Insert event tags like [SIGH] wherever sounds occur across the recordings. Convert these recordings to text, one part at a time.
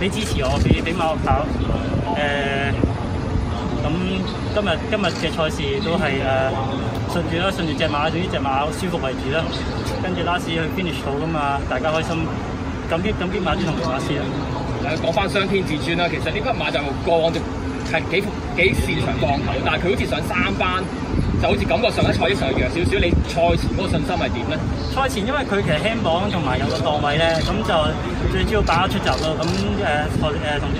俾支持我，俾俾馬跑，誒、呃、咁、嗯、今日今日嘅賽事都係誒順住啦，順住隻馬，總之隻馬舒服為主啦，跟住拉屎去邊度草噶嘛，大家開心。咁啲咁啲馬主同馬師啊，講翻雙天至尊啦。其實呢匹馬就過往就係幾幾擅長檔頭，但係佢好似上三班。就好似感覺上喺賽前弱少少，你賽前嗰個信心係點咧？賽前因為佢其實輕磅同埋有個檔位咧，咁就最主要把握出閘咯。咁誒、啊啊、同誒同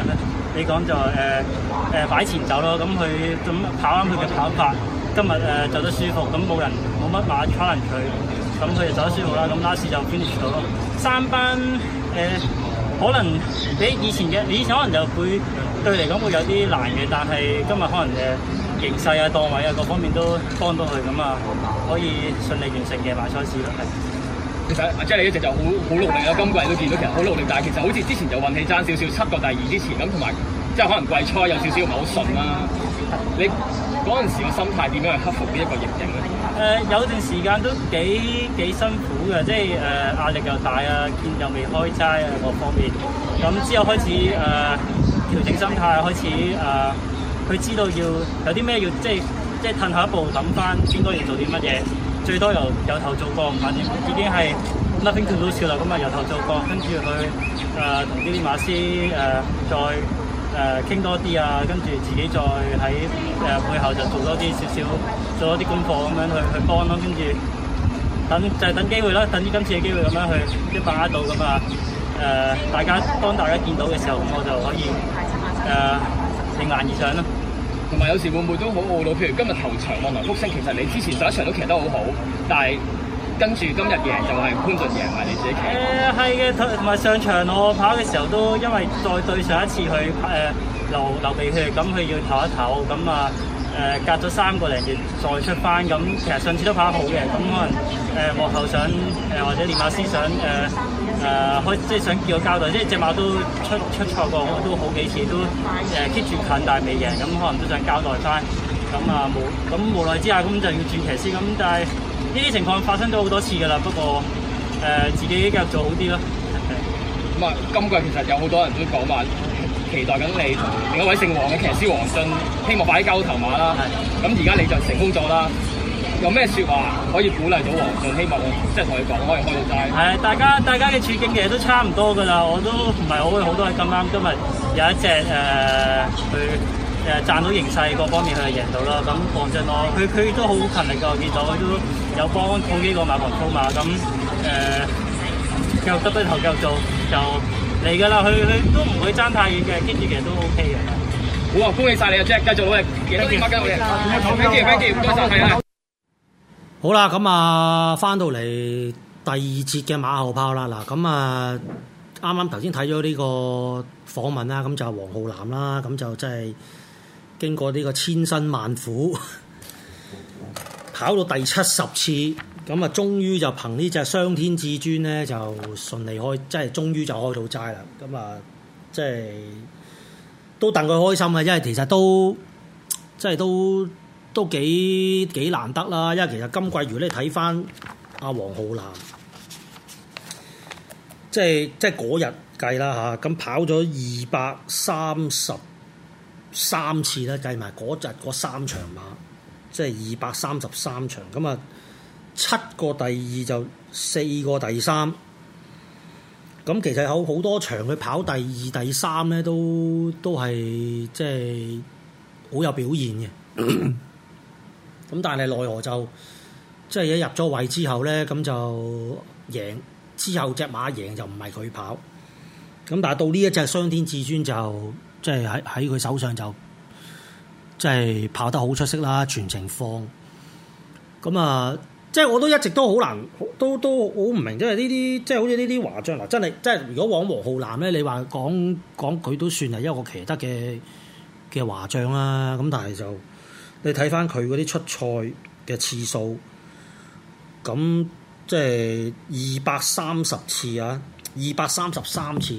你講就誒、是、誒、啊啊、擺前走咯。咁佢咁跑啱佢嘅跑法，今日誒走得舒服，咁冇人冇乜馬，可能佢咁佢就走得舒服啦。咁 last 就 finish 到咯。三班誒、啊、可能比以前嘅，以前可能就會對嚟講會有啲難嘅，但係今日可能誒。啊形勢啊、檔位啊，各方面都幫到佢咁啊，可以順利完成嘅馬賽事咯。係，其實即係你一直就好好努力啊，今季都見到其實好努力，但係其實好似之前就運氣爭少少，七個第二之前咁，同埋即係可能季初有少少唔係好順啦、啊。你嗰陣時個心態點樣去克服呢一個疫情咧？誒、呃，有段時間都幾幾辛苦嘅，即係誒、呃、壓力又大啊，見又未開齋啊，各方面。咁之後開始誒、呃、調整心態，開始誒。呃佢知道要有啲咩要即係即係褪後一步，諗翻應該要做啲乜嘢。最多由由頭做過，唔係，已經係 nothing to lose 啦。咁啊，由頭做過，跟住去誒同呢啲馬師誒再誒傾多啲啊，跟住自己再喺誒背後就做多啲少少，做多啲功課咁樣去去幫咯。跟住等就係等機會啦，等於今次嘅機會咁樣去把握到咁啊誒，大家當大家見到嘅時候，咁我就可以誒成顏而上咯。同埋有，有時會唔會都好懊惱？譬如今日頭場望能福星，其實你之前上一場都騎得好好，但係跟住今日贏就係潘頓贏埋你自己騎。誒係嘅，同埋上場我跑嘅時候都因為再對上一次去誒、呃、流流鼻血，咁佢要唞一唞，咁啊。誒、呃、隔咗三個零月再出翻咁、嗯，其實上次都跑好嘅，咁、嗯、可能誒、呃、幕後想誒、呃、或者練馬師想誒誒，開、呃呃、即係想叫個交代，即係隻馬都出出錯過，都好幾次都誒 keep 住近但未贏，咁、嗯、可能都想交代翻，咁、嗯、啊冇咁無奈、啊、之下，咁就要轉騎先，咁、嗯、但係呢啲情況發生咗好多次㗎喇，不過誒、呃、自己嘅做好啲咯。咁、嗯、係、嗯、今季其實有好多人都講話。期待緊你，同另一位姓黃嘅騎師黃俊，希望擺鳩頭馬啦。咁而家你就成功咗啦。有咩説話可以鼓勵到黃俊？希望即係同你講可以開到齋。係，大家大家嘅處境其實都差唔多㗎啦。我都唔係好好多，咁啱今日有一隻誒去誒賺到形勢，各方面佢係贏到啦。咁黃俊囉，佢佢都好勤力㗎，見到佢都有幫好幾個馬房操馬。咁誒繼續耷低頭繼續做就嚟噶啦，去去都唔會爭太遠嘅，堅持其實都 O K 嘅。好啊、哦，恭喜晒你啊，Jack，繼續努力，幾多件？好啦，咁啊，翻謝到嚟第二節嘅馬後炮啦。嗱，咁啊，啱啱頭先睇咗呢個訪問啦，咁就係黃浩南啦，咁就真係經過呢個千辛萬苦，跑到第七十,七十,七十次。咁啊，終於就憑呢隻雙天至尊咧，就順利開，即係終於就開到齋啦。咁啊，即係都戥佢開心啊，因為其實都即係都都幾幾難得啦。因為其實今季如果你睇翻阿黃浩南，即係即係嗰日計啦嚇，咁跑咗二百三十三次咧，計埋嗰日嗰三場馬，即係二百三十三場咁啊。七個第二，就四個第三。咁其實有好多場佢跑第二、第三咧，都都係即係好有表現嘅。咁 [COUGHS] 但係奈何就即係一入咗位之後咧，咁就贏之後隻馬贏就唔係佢跑。咁但係到呢一隻雙天至尊就即係喺喺佢手上就即係跑得好出色啦，全程放咁啊！即係我都一直都好難，都都好唔明，即係呢啲即係好似呢啲華將嗱，真係即係如果往黃浩南咧，你話講講佢都算係一個奇得嘅嘅華將啊，咁但係就你睇翻佢嗰啲出賽嘅次數，咁即係二百三十次啊，二百三十三次。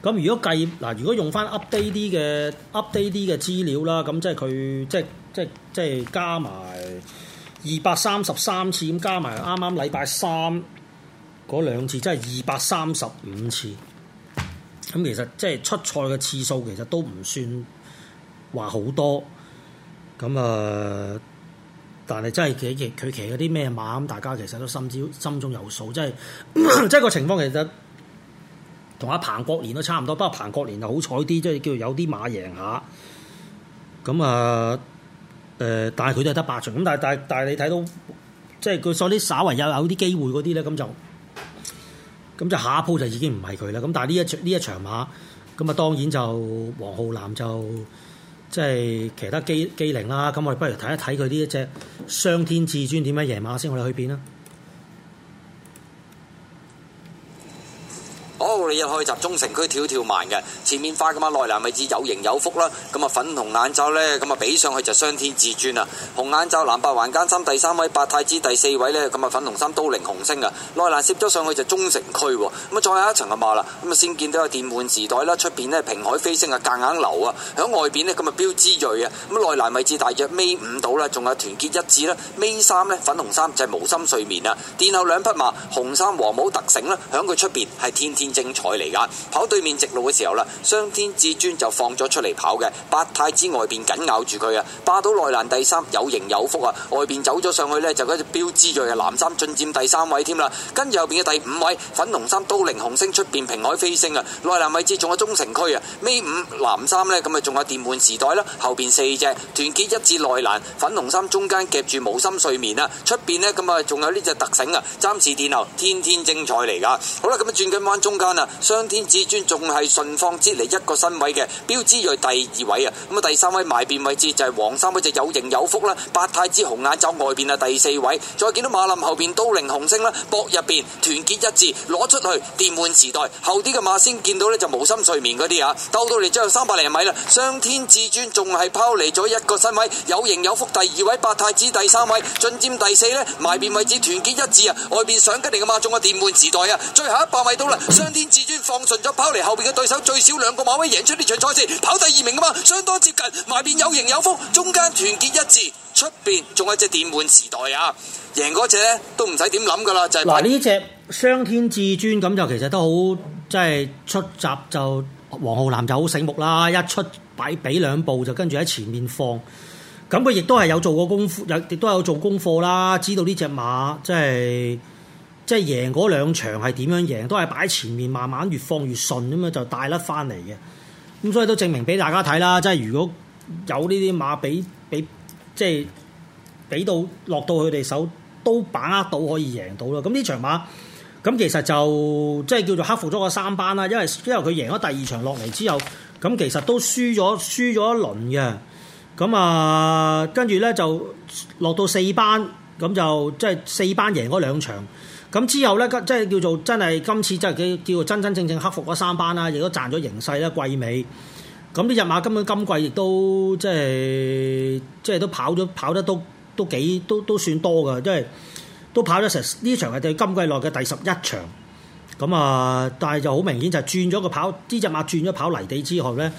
咁如果計嗱，如果用翻 update 啲嘅 update 啲嘅資料啦，咁即係佢即即即加埋。二百三十三次咁加埋啱啱禮拜三嗰兩次，真係二百三十五次。咁、嗯、其實即係出賽嘅次數，其實都唔算話好多。咁、嗯、啊，但係真係佢其佢騎嗰啲咩馬咁，大家其實都心知心中有數。咳咳，即係即係個情況，其實同阿彭國年都差唔多。不過彭國年就好彩啲，即係叫做有啲馬贏下。咁、嗯、啊～、嗯嗯誒、呃，但係佢都係得八場，咁但係但係但係你睇到，即係佢所謂啲稍為有有啲機會嗰啲咧，咁就，咁就下一鋪就已經唔係佢啦。咁但係呢一呢一場馬，咁啊當然就黃浩南就即係其他機機靈啦、啊。咁我哋不如睇一睇佢呢一隻雙天至尊點樣贏馬先我，我哋去邊啦？開集中城區跳跳慢嘅，前面快噶嘛？內欄位置有形有福啦，咁啊粉紅眼罩咧，咁啊比上去就雙天至尊啊！紅眼罩藍白環間心第三位，八太子第四位咧，咁啊粉紅衫都靈紅星啊！內欄攝咗上去就中城區，咁啊再下一層啊嘛啦，咁啊先見到有電換時代啦，出邊咧平海飛星啊，隔硬，硬流啊，響外邊咧咁啊標之銳啊，咁內欄位置大約尾五度啦，仲有團結一致啦，尾三咧粉紅衫就係無心睡眠啊！殿後兩匹馬，紅衫黃帽特成啦響佢出邊係天天精彩。嚟噶，跑對面直路嘅時候啦，雙天至尊就放咗出嚟跑嘅，八太子外邊緊咬住佢啊，霸到內欄第三，有型有福啊，外邊走咗上去呢，就嗰隻標誌在嘅藍衫進佔第三位添啦，跟住後邊嘅第五位粉紅衫都靈紅星出邊平海飛升啊，內欄位置仲有中城區啊，尾五藍衫呢，咁啊仲有電鰻時代啦，後邊四隻團結一致內蘭，內欄粉紅衫中間夾住無心睡眠啊，出邊呢，咁啊仲有呢隻特醒啊，暫時電流，天天精彩嚟噶，好啦咁啊轉緊彎中間啊。雙天至尊仲係順方之嚟，一個身位嘅，標之銳第二位啊，咁啊第三位埋邊位置就係黃三位就有形有福啦，八太子紅眼走外邊啊，第四位，再見到馬林後邊都靈紅星啦，搏入邊團結一致攞出去電換時代，後啲嘅馬先見到呢，就無心睡眠嗰啲啊，兜到嚟最後三百零米啦，雙天至尊仲係拋離咗一個身位，有形有福第二位，八太子第三位，進占第四呢，埋邊位置團結一致啊，外邊上緊嚟嘅馬仲係電換時代啊，最後一百米到啦，雙天至尊。先放順咗跑嚟後邊嘅對手最少兩個馬位贏出呢場賽事跑第二名噶嘛，相當接近，埋邊有形有風，中間團結一致，出邊仲有一隻電滿時代啊！贏嗰隻都唔使點諗噶啦，就係嗱呢隻雙天至尊，咁就其實都好即係出閘就黃浩南就好醒目啦，一出擺畀兩步就跟住喺前面放，咁佢亦都係有做過功夫，有亦都有做功課啦，知道呢隻馬即係。即係贏嗰兩場係點樣贏？都係擺前面，慢慢越放越順咁樣就帶甩翻嚟嘅。咁所以都證明俾大家睇啦。即係如果有呢啲馬俾俾，即係俾到落到佢哋手，都把握到可以贏到啦。咁呢場馬咁其實就即係叫做克服咗個三班啦。因為因為佢贏咗第二場落嚟之後，咁其實都輸咗輸咗一輪嘅。咁啊，跟住咧就落到四班，咁就即係四班贏嗰兩場。咁之後咧，即係叫做真係今次真係叫叫做真真正正克服咗三班啦，亦都賺咗形勢啦，季尾。咁呢隻馬今季今季亦都即係即係都跑咗跑得都都幾都都算多噶，即係都跑咗成呢場係佢今季內嘅第十一場。咁啊，但係就好明顯就係轉咗個跑呢隻馬轉咗跑泥地之後咧，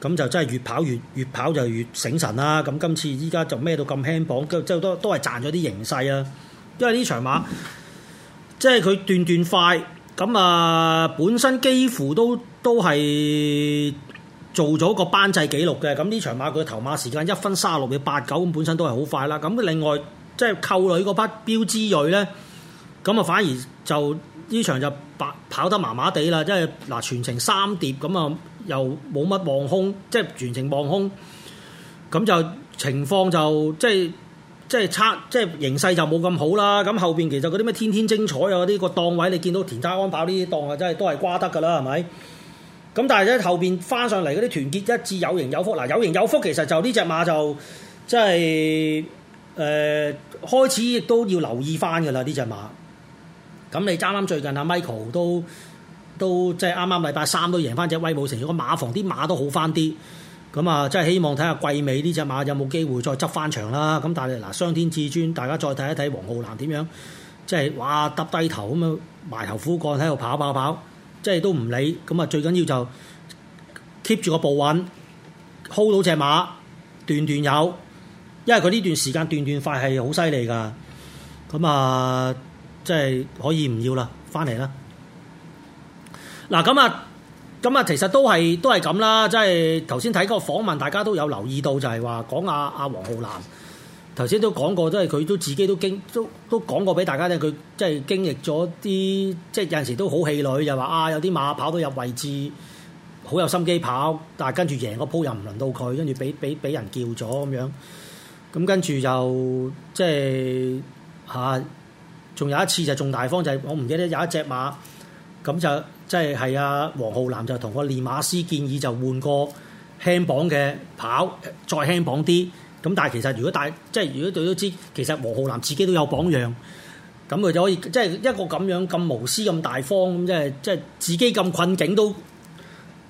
咁就真係越跑越越跑就越醒神啦。咁今次依家就咩到咁輕磅，即係都都係賺咗啲形勢啊，因為呢場馬。即係佢段段快，咁啊本身幾乎都都係做咗個班制記錄嘅。咁呢場馬佢頭馬時間一分三十六秒八九，咁本身都係好快啦。咁另外即係扣女嗰匹標之睿咧，咁啊反而就呢場就白跑得麻麻地啦。即係嗱全程三碟，咁啊又冇乜望空，即係全程望空，咁就情況就即係。即係差，即係形勢就冇咁好啦。咁後邊其實嗰啲咩天天精彩啊，嗰、那、啲個檔位，你見到田家安跑呢啲檔啊，真係都係瓜得㗎啦，係咪？咁但係咧後邊翻上嚟嗰啲團結一致有型有福嗱、啊，有型有福其實就呢隻馬就即係誒開始亦都要留意翻㗎啦，呢隻馬。咁你啱啱最近啊 Michael 都都即係啱啱禮拜三都贏翻隻威武城，如果馬房啲馬都好翻啲。咁啊，真係希望睇下季尾呢隻馬有冇機會再執翻場啦！咁但係嗱，雙天至尊，大家再睇一睇黃浩南點樣，即係哇揼低頭咁樣埋頭苦幹喺度跑跑跑，即係都唔理。咁啊，最緊要就 keep 住個步穩，hold 到隻馬，段段有，因為佢呢段時間段段快係好犀利㗎。咁啊，即係可以唔要啦，翻嚟啦。嗱，咁啊。咁啊，其實都係都係咁啦，即係頭先睇嗰個訪問，大家都有留意到就，就係話講阿阿黃浩南，頭先都講過，都係佢都自己都經都都講過俾大家聽，佢即係經歷咗啲，即係有陣時都好氣餒，又、就、話、是、啊，有啲馬跑到入位置，好有心機跑，但係跟住贏嗰鋪又唔輪到佢，跟住俾俾俾人叫咗咁樣，咁跟住又，即係嚇，仲、啊、有一次就仲大方，就係、是、我唔記得有一隻馬，咁就。即係係啊，黃浩南就同個練馬師建議就換個輕磅嘅跑，再輕磅啲。咁但係其實如果大，即係如果大家都知，其實黃浩南自己都有榜樣。咁佢就可以即係一個咁樣咁無私咁大方咁，即係即係自己咁困境都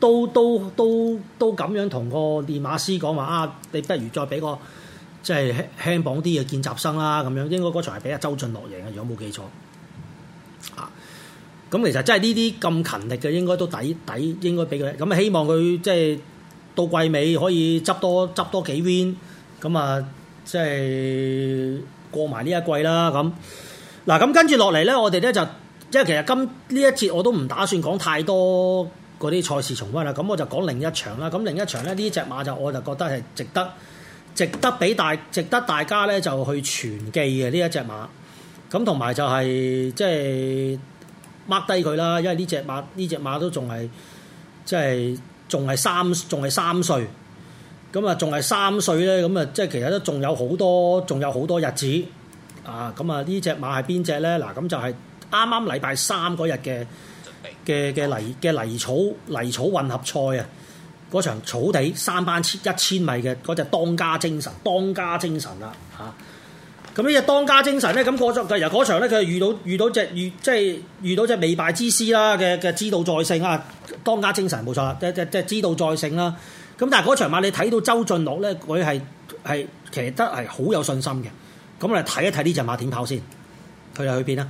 都都都都咁樣同個練馬師講話啊！你不如再俾個即係輕磅啲嘅見習生啦，咁樣應該嗰場係俾阿周俊樂贏嘅，如果冇記錯。咁其實真係呢啲咁勤力嘅，應該都抵抵，應該俾佢。咁啊，希望佢即係到季尾可以執多執多幾 win，咁啊，即係過埋呢一季啦。咁嗱，咁跟住落嚟咧，我哋咧就即係其實今呢一節我都唔打算講太多嗰啲賽事重温啦。咁我就講另一場啦。咁另一場咧，呢一隻馬就我就覺得係值得，值得俾大，值得大家咧就去傳記嘅呢一隻馬。咁同埋就係、是、即係。掹低佢啦，因為呢隻馬呢隻馬都仲係即係仲係三仲係三歲，咁啊仲係三歲咧，咁啊即係其實都仲有好多仲有好多日子啊！咁啊、嗯、啊隻隻呢隻馬係邊隻咧？嗱、啊，咁就係啱啱禮拜三嗰日嘅嘅嘅泥嘅泥草泥草混合賽啊！嗰場草地三班千一千米嘅嗰隻當家精神，當家精神啦啊！咁呢隻當家精神咧，咁嗰咗嘅由嗰場咧，佢遇到遇到隻遇即係遇到隻未敗之師啦嘅嘅知道在勝啊，當家精神冇錯啦，即即即係知道在勝啦。咁但係嗰場馬你睇到周俊樂咧，佢係其實得係好有信心嘅。咁我哋睇一睇呢隻馬點跑先，佢又去邊啊？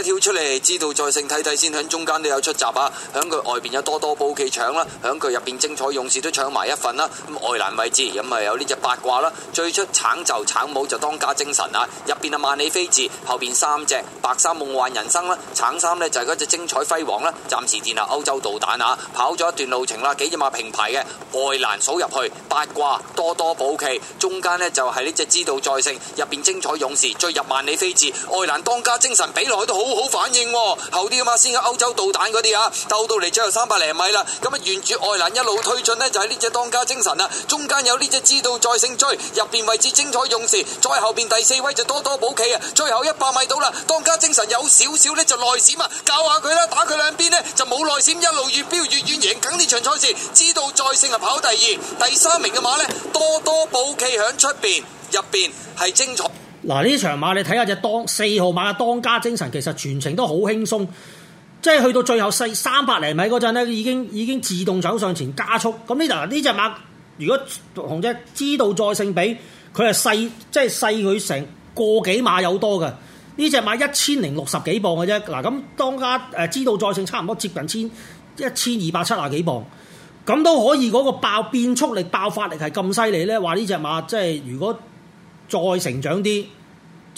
一跳出嚟，知道再勝睇睇先，喺中間都有出閘啊！喺佢外邊有多多寶期搶啦，喺佢入邊精彩勇士都搶埋一份啦。咁外欄位置咁啊有呢隻八卦啦，最出橙就橙帽就當家精神啊！入邊啊萬里飛至，後邊三隻白衫夢幻人生啦，橙衫呢，就係嗰隻精彩輝煌啦。暫時墊下歐洲導彈啊，跑咗一段路程啦，幾隻馬平排嘅外欄數入去八卦多多寶期，中間呢，就係呢隻知道再勝，入邊精彩勇士追入萬里飛至，外欄當家精神比落去都好。好好反應喎，哦，後啲咁啊先喺歐洲導彈嗰啲啊，鬥到嚟最後三百零米啦，咁啊沿住外欄一路推進呢，就係、是、呢隻當家精神啊，中間有呢隻知道再勝追，入邊位置精彩用時，再後邊第四位就多多保騎啊，最後一百米到啦，當家精神有少少呢，就內閃啊，教下佢啦，打佢兩邊呢，就冇內閃，一路越飆越遠贏梗呢場賽事，知道再勝啊跑第二，第三名嘅馬呢，「多多保騎響出邊，入邊係精彩。嗱，呢啲場馬你睇下隻當四號馬嘅當家精神，其實全程都好輕鬆，即係去到最後細三百厘米嗰陣咧，已經已經自動走上前加速。咁呢頭呢隻馬，如果紅姐知道再勝比，佢係細即係細佢成個幾碼有多嘅。呢隻馬一千零六十幾磅嘅啫，嗱咁當家誒知道再勝差唔多接近千一千二百七廿幾磅，咁都可以嗰、那個爆變速力、爆發力係咁犀利咧。話呢隻馬即係如果再成長啲。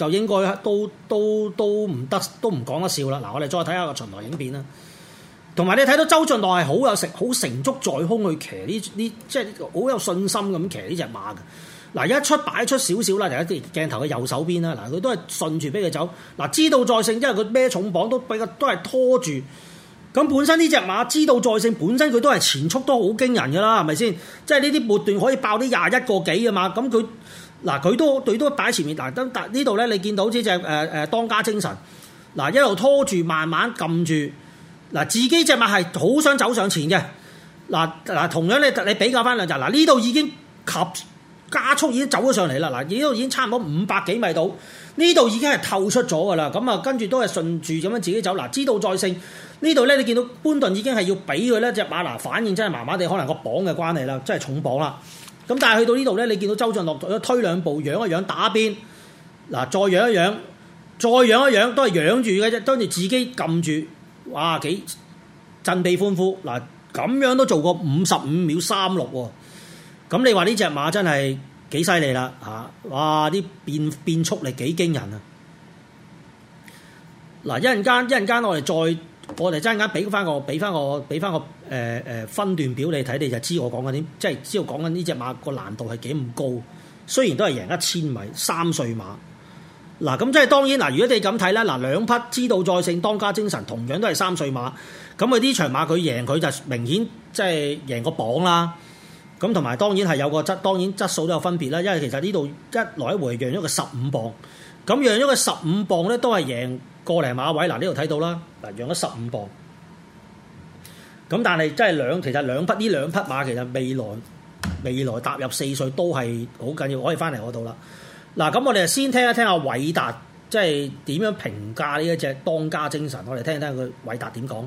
就應該都都都唔得，都唔講得笑啦！嗱，我哋再睇下個巡邏影片啦。同埋你睇到周俊樂係好有成，好成竹在胸去騎呢呢，即係好有信心咁騎呢隻馬嘅。嗱，一出擺出少少啦，就喺啲鏡頭嘅右手邊啦。嗱，佢都係順住俾佢走。嗱，知道再勝，因為佢咩重磅都俾佢都係拖住。咁本身呢隻馬知道再勝，本身佢都係前速都好驚人㗎啦，係咪先？即係呢啲末段可以爆啲廿一個幾啊嘛，咁佢。嗱，佢都佢都擺喺前面，嗱，咁但呢度咧，你見到呢隻誒誒當家精神，嗱，一路拖住，慢慢撳住，嗱，自己隻馬係好想走上前嘅，嗱嗱，同樣咧，你比較返兩隻，嗱呢度已經及加速已經走咗上嚟啦，嗱呢度已經差唔多五百幾米度，呢度已經係透出咗㗎啦，咁啊跟住都係順住咁樣自己走，嗱知道再勝呢度咧，你見到班頓已經係要俾佢咧隻馬，嗱，反應真係麻麻地，可能個磅嘅關係啦，真係重磅啦。咁但係去到呢度咧，你見到周俊樂推兩步，讓一讓打邊，嗱再讓一讓，再讓一讓都係讓住嘅啫，當住自己撳住，哇幾振臂歡呼！嗱咁樣都做過五十五秒三六喎，咁你話呢隻馬真係幾犀利啦嚇！哇啲變變速力幾驚人啊！嗱一陣間一陣間我哋再。我哋陣間俾翻個，俾翻個，俾翻個誒誒、呃呃、分段表你睇，你就知我講緊啲。即、就、係、是、知道講緊呢隻馬個難度係幾咁高。雖然都係贏一千米，三歲馬。嗱，咁即係當然嗱，如果你咁睇啦，嗱兩匹知道再勝當家精神，同樣都係三歲馬。咁佢呢場馬佢贏佢就明顯即係贏個榜啦。咁同埋當然係有個質，當然質素都有分別啦。因為其實呢度一來一回讓咗個十五磅，咁讓咗個十五磅咧都係贏。個零馬位嗱，呢度睇到啦，嗱，讓咗十五磅。咁但係真係兩，其實兩匹呢兩匹馬其實未來未來踏入四歲都係好緊要，可以翻嚟嗰度啦。嗱，咁我哋先聽一聽阿韋達即係點樣評價呢一隻當家精神，我哋聽一聽佢韋達點講。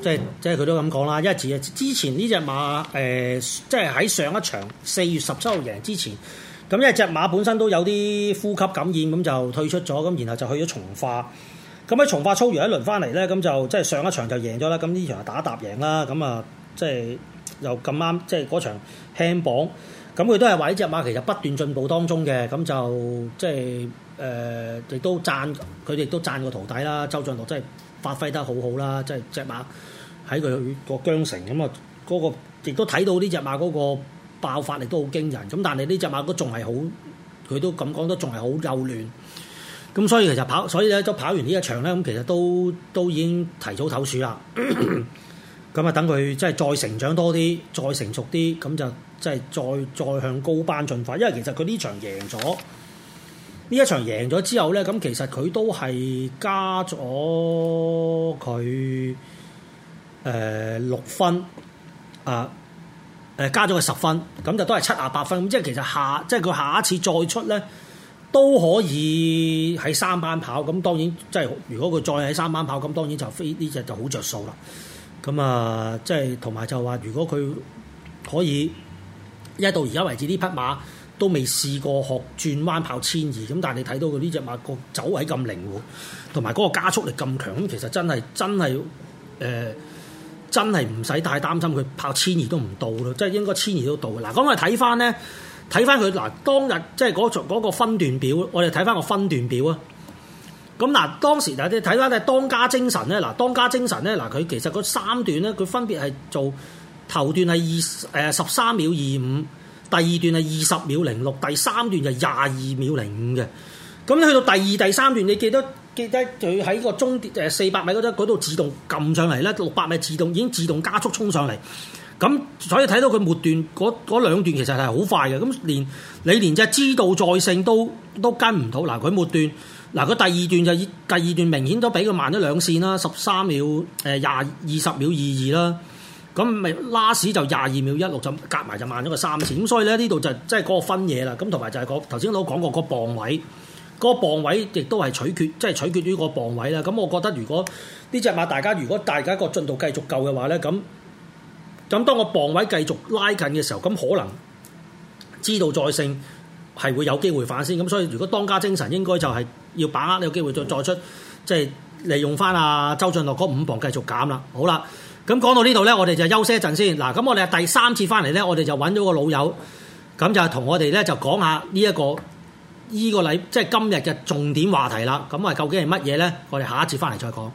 即係即係佢都咁講啦，因為之前呢隻馬誒、呃，即係喺上一場四月十七號贏之前，咁因為隻馬本身都有啲呼吸感染，咁就退出咗，咁然後就去咗從化。咁喺從化操完一輪翻嚟咧，咁就即係上一場就贏咗啦。咁呢場就打一打贏啦，咁啊，即係又咁啱，即係嗰場輕磅。咁佢都係話呢隻馬其實不斷進步當中嘅，咁就即係。誒、呃，亦都讚佢哋都讚個徒弟啦，周俊樂真係發揮得好好啦，真係隻馬喺佢、嗯，那個疆城咁啊，嗰個亦都睇到呢隻馬嗰個爆發力都好驚人。咁、嗯、但係呢隻馬都仲係好，佢都咁講都仲係好幼嫩。咁所以其實跑，所以咧都跑完呢一場咧，咁其實都都已經提早唞暑啦。咁啊，等佢即係再成長多啲，再成熟啲，咁就即係再再向高班進發。因為其實佢呢場贏咗。呢一場贏咗之後咧，咁其實佢都係加咗佢誒六分，啊、呃、誒加咗佢十分，咁就都係七啊八分。咁即係其實下即係佢下一次再出咧，都可以喺三班跑。咁當然即係如果佢再喺三班跑，咁當然就非呢隻就好着數啦。咁啊，即係同埋就話，如果佢可以一到而家為止呢匹馬。都未試過學轉彎跑千二，咁但係你睇到佢呢隻馬個走位咁靈活，同埋嗰個加速力咁強，咁其實真係真係誒，真係唔使太擔心佢跑千二都唔到咯，即係應該千二都到。嗱，咁我哋睇翻咧，睇翻佢嗱，當日即係嗰個嗰個分段表，我哋睇翻個分段表啊。咁嗱，當時有啲睇翻咧，當家精神咧，嗱，當家精神咧，嗱，佢其實嗰三段咧，佢分別係做頭段係二誒十三秒二五。第二段係二十秒零六，第三段就廿二秒零五嘅。咁你去到第二、第三段，你記得記得佢喺個終誒四百米嗰度自動撳上嚟咧，六百米自動已經自動加速衝上嚟。咁所以睇到佢末段嗰兩段其實係好快嘅。咁連你連隻知道再勝都都跟唔到。嗱，佢末段，嗱佢第，第二段就已第二段明顯都比佢慢咗兩線啦，十三秒誒廿二十秒二二啦。咁咪拉屎就廿二秒一六就隔埋就慢咗個三次，咁所以咧呢度就即係嗰個分嘢啦。咁同埋就係講頭先都講過嗰磅位，嗰、嗰個、磅位亦都係取決，即、就、係、是、取決於個磅位啦。咁我覺得如果呢隻馬大家如果大家個進度繼續夠嘅話咧，咁咁當嗰個磅位繼續拉近嘅時候，咁可能知道再勝係會有機會反先。咁所以如果當家精神應該就係要把握呢個機會再再出，即、就、係、是、利用翻啊周俊樂嗰五磅繼續減啦。好啦。咁講到呢度咧，我哋就休息一陣先。嗱，咁我哋第三次翻嚟咧，我哋就揾咗個老友，咁就同我哋咧就講下呢一個呢個禮，即係今日嘅重點話題啦。咁啊，究竟係乜嘢咧？我哋下一次翻嚟再講。